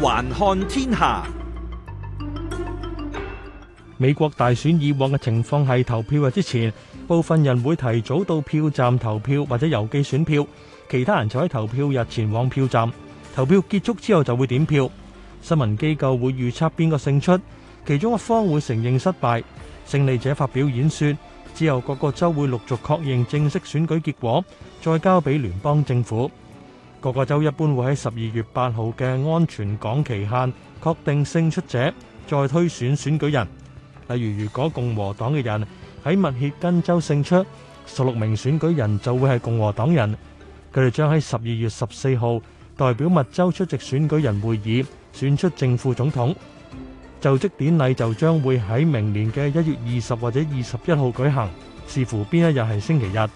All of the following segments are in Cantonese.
環看天下，美國大選以往嘅情況係投票日之前，部分人會提早到票站投票或者郵寄選票，其他人就喺投票日前往票站投票，投票結束之後就會點票，新聞機構會預測邊個勝出，其中一方會承認失敗，勝利者發表演說，之後，各個州會陸續確認正式選舉結果，再交俾聯邦政府。各個州一般會喺十二月八號嘅安全港期限確定勝出者，再推選選舉人。例如，如果共和黨嘅人喺密歇根州勝出，十六名選舉人就會係共和黨人。佢哋將喺十二月十四號代表密州出席選舉人會議，選出正副總統。就職典禮就將會喺明年嘅一月二十或者二十一號舉行，視乎邊一日係星期日。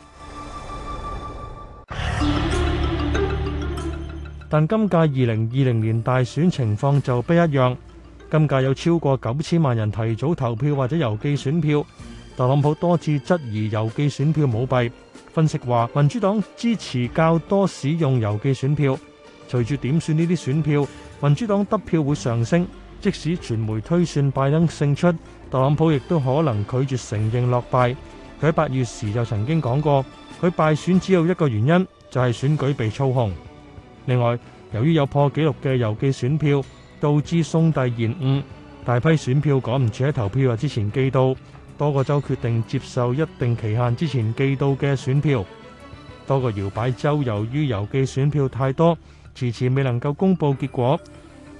但今屆二零二零年大選情況就不一樣。今屆有超過九千萬人提早投票或者郵寄選票。特朗普多次質疑郵寄選票舞弊。分析話，民主黨支持較多使用郵寄選票。隨住點算呢啲選票，民主黨得票會上升。即使傳媒推算拜登勝出，特朗普亦都可能拒絕承認落敗。佢喺八月時就曾經講過，佢敗選只有一個原因，就係選舉被操控。另外，由於有破紀錄嘅郵寄選票導致送遞延誤，大批選票趕唔住喺投票日之前寄到。多個州決定接受一定期限之前寄到嘅選票。多個搖擺州由於郵寄選票太多，遲遲未能夠公佈結果。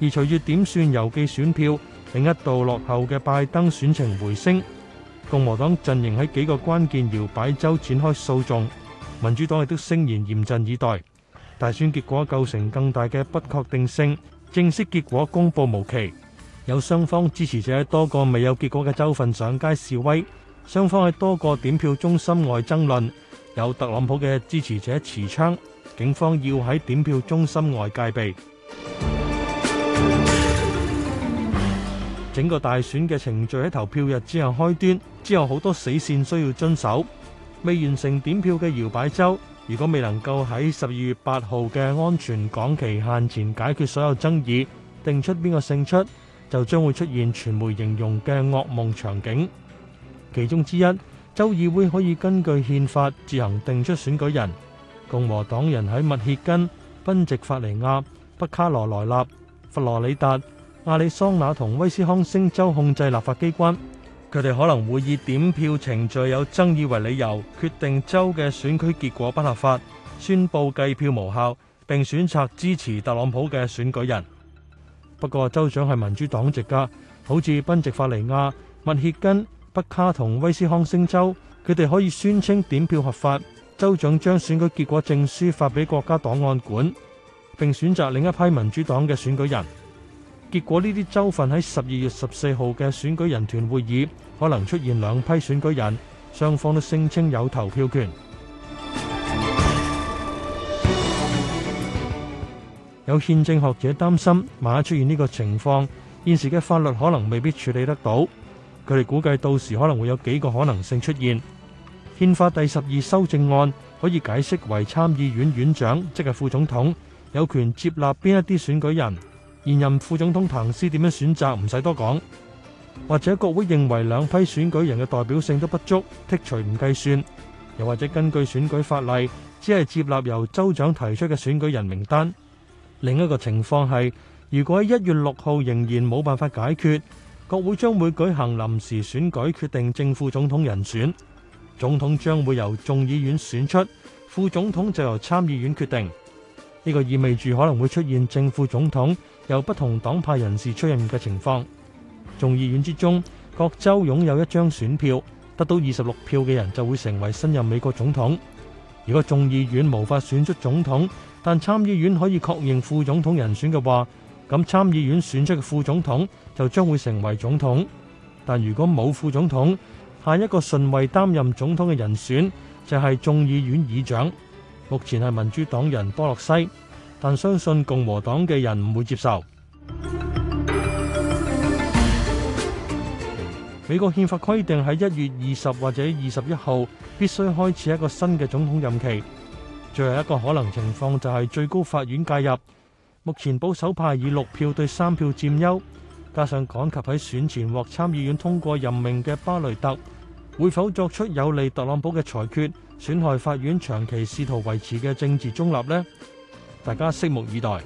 而隨住點算郵寄選票，另一度落後嘅拜登選情回升。共和黨陣營喺幾個關鍵搖擺州展開訴訟，民主黨亦都聲言嚴陣以待。大選結果構成更大嘅不確定性，正式結果公布無期。有雙方支持者喺多個未有結果嘅州份上街示威，雙方喺多個點票中心外爭論。有特朗普嘅支持者持槍，警方要喺點票中心外戒備。整個大選嘅程序喺投票日之後開端，之後好多死線需要遵守。未完成點票嘅搖擺州。如果未能夠喺十二月八號嘅安全港期限前解決所有爭議，定出邊個勝出，就將會出現傳媒形容嘅噩夢場景。其中之一，州議會可以根據憲法自行定出選舉人。共和黨人喺密歇根、賓夕法尼亞、北卡羅來納、佛羅里達、亞利桑那同威斯康星州控制立法機關。佢哋可能會以點票程序有爭議為理由，決定州嘅選區結果不合法，宣布計票無效，並選擇支持特朗普嘅選舉人。不過州長係民主黨籍嘅，好似賓夕法尼亞、密歇根、北卡同威斯康星州，佢哋可以宣稱點票合法。州長將選舉結果證書發俾國家檔案館，並選擇另一批民主黨嘅選舉人。結果呢啲州份喺十二月十四號嘅選舉人團會議，可能出現兩批選舉人，雙方都聲稱有投票權。 有憲政學者擔心，萬一出現呢個情況，現時嘅法律可能未必處理得到。佢哋估計到時可能會有幾個可能性出現。憲法第十二修正案可以解釋為參議院院院長即係副總統有權接納邊一啲選舉人。現任副總統彭斯點樣選擇唔使多講，或者國會認為兩批選舉人嘅代表性都不足，剔除唔計算，又或者根據選舉法例，只係接納由州長提出嘅選舉人名單。另一個情況係，如果喺一月六號仍然冇辦法解決，國會將會舉行臨時選舉，決定正副總統人選。總統將會由眾議院選出，副總統就由參議院決定。呢個意味住可能會出現正副總統由不同黨派人士出任嘅情況，眾議院之中各州擁有一張選票，得到二十六票嘅人就會成為新任美國總統。如果眾議院無法選出總統，但參議院可以確認副總統人選嘅話，咁參議院選出嘅副總統就將會成為總統。但如果冇副總統，下一個順位擔任總統嘅人選就係眾議院議長，目前係民主黨人波洛西。但相信共和黨嘅人唔會接受。美國憲法規定喺一月二十或者二十一號必須開始一個新嘅總統任期。最後一個可能情況就係最高法院介入。目前保守派以六票對三票佔優，加上趕及喺選前獲參議院通過任命嘅巴雷特，會否作出有利特朗普嘅裁決，損害法院長期試圖維持嘅政治中立呢？大家拭目以待。